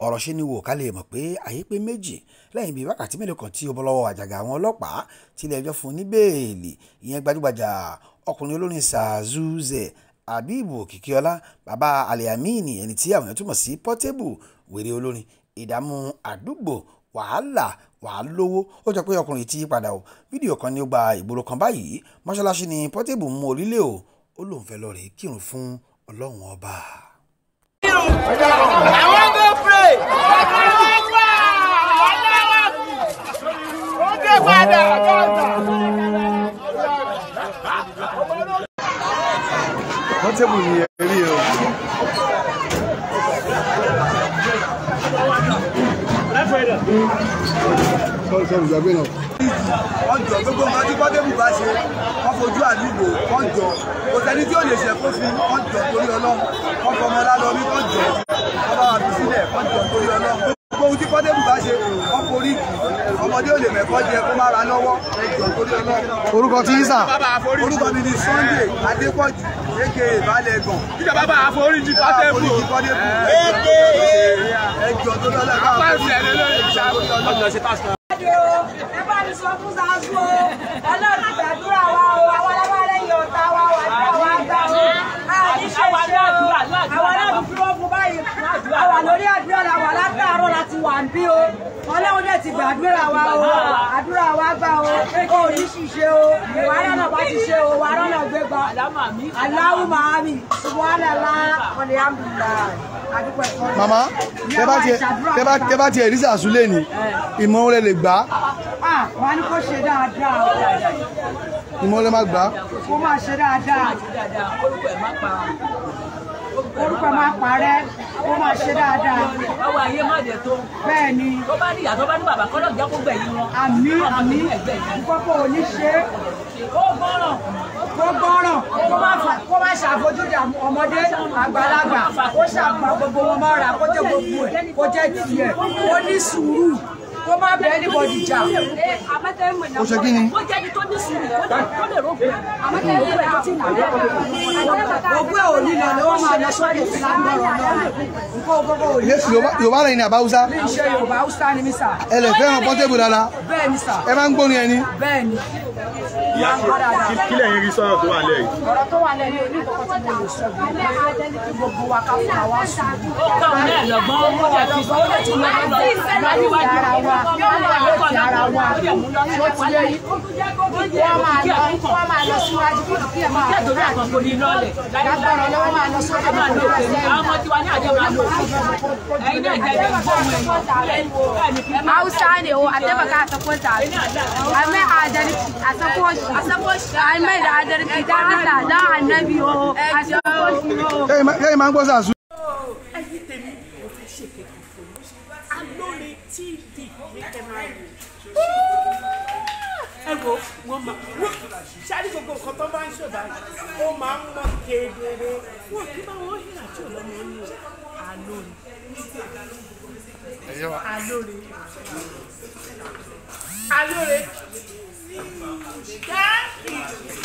ọ̀rọ̀ ṣe ni wò ká lè mọ̀ pé àyè pé méjì lẹ́yìn bíi wákàtí mélòó kan tí ó bọ́ lọ́wọ́ àjàgà àwọn ọlọ́pàá tilẹ̀ ẹjọ́ fún ní bẹ́ẹ̀lì ìyẹn gbajúgbajà ọkùnrin olórin sàzúzẹ àbíbù kìkíọlá bàbá aliamini ẹni tí àwọn èèyàn túmọ̀ sí Portable wèrè olórin ìdààmú àdúgbò wàhálà wàá lówó ó jọ pé ọkùnrin ti yípadà o fídíò kan ní ó gba ìgboro kan báyìí mọ́ṣáláṣí ni Portable mú orílẹ̀ o ó lóun fẹ́ padà jọ́ta. wọ́n tẹ́bù ní ẹ̀rí o. sọ́ọ̀rì sọ́ọ̀rì ìgbàgbé náà. wọ́n jọ gbogbo nǹkan tí pọ́tẹ́bù bá ṣe wọ́n fojú àdúgbò wọ́n jọ kò sẹ́ni tí ò lè ṣe kó fi wọ́n jọ torí ọlọ́run wọ́n fọmọ lálọ́ ní wọ́n jọ wọ́n bá wà fi sílẹ̀ wọ́n jọ torí ọlọ́run gbogbo ohun tí pọ́tẹ́bù ọmọdé ò lè mẹ́kọ́ jẹ kó má ra lọ́wọ́ ẹjọ́ torí ọlọ́run. orúkọ tí yín sà. orúkọ mi ni Sunday Adépọ̀jù aka Balẹ̀gàn. kíkẹ́ bàbá a pátẹ́bù. eke ẹjọ́ torí ọlọ́run. apá ìṣẹ̀lẹ̀ lórí ìṣàkóso ọlọ́run. ẹ bá mi sọ fún Zazu o. a wà lórí àdúrà la wà látàárọ̀ láti wà ń bí o ọlọ́run dẹ̀ ti gbàdúrà wa o àdúrà wa gbà o ó ní ṣiṣẹ́ o ìwà rẹ̀ náà bá ti ṣe o wà rẹ̀ náà gbé gbà aláwù màámi subhanallah alhamdulillah àdúgbò ẹ̀kọ́. màmá tẹ bá tiẹ̀ rísà súlé ni ìmọ̀ rẹ̀ lè gbà. wà á ní kó ṣe dáadáa o. ìmọ̀ rẹ̀ má gbà. kó má ṣe dáadáa orúkọ máa parẹ́ ó máa ṣe dáadáa. ọwọ́ ayé má jẹ tó. bẹ́ẹ̀ ni. tó bá ní ìyá tó bá ní bàbá kọ́lọ́ ìjà kó gbẹ̀yìn wọn. àmì àmì kókó òní ṣe. ó gbọ́ràn. ó gbọ́ràn. kó má ṣàfojúdi ọmọdé àgbàlagbà kó ṣàpá gbogbo wọn mọ́ra kó jẹ́ gbogbo ẹ̀ kó jẹ́ tiẹ̀ kó ní sùúrù kó má bẹ anybody jà. o ṣe kí ni. ó jẹ́ ibi tó ní sùúrù tó lè rògbò àmọ́tẹ́ ìwé tó lọ ni wọ́n máa lọ sọ́dọ̀ sí lágbọ̀rọ̀ náà. nǹkan gbogbo òní. yéṣu yorùbá rẹ̀ ni àbá haúsá. mi ń ṣe yorùbá haúsá ni mi sà. ẹ lè fẹ́ràn pọ́tébù dáadáa. bẹ́ẹ̀ ni sà. ẹ máa ń gbóni ẹni. bẹ́ẹ̀ ni ìyá kílẹ̀ yín rí sọ̀rọ̀ tó wà lẹ̀ yìí. ọ̀rọ̀ tó wà lẹ̀ yìí oníkọ̀ọ́kọ́ tí mo lè sọ bí mo máa jẹ́ kí gbogbo wa ká fún àwa sùn. ó kàn ní ẹ̀lọ́gbọ́n ó lè fi sọ́wọ́ lè tún lọ́wọ́ lọ láti wá jara wa láti jara wa ó ti lé yìí wọ́n máa lọ wọ́n máa lọ síwájú kí kí ẹ̀ máa lọ lágbára lọ́wọ́ máa lọ sọ́dọ̀ máa lọ sílẹ̀ Hausa ne o, a taimaka a sakwata, a mai adalci a sakwashi ahmed adariki dáadáa dá ànábì o àṣàkóṣì o. lẹ́yìn máa ń gbọ́ sàṣù. ẹyin tèmi mo fẹ́ ṣe kẹ̀kẹ́ fún mi Alore TV ní kẹ́mẹ́rì ẹ wo wọn máa wọ sáré gbogbo nǹkan tó máa ń ṣọ̀dá ó máa ń mọ kedere wọn kí máa wọ́n Alore. Alore. Thank you.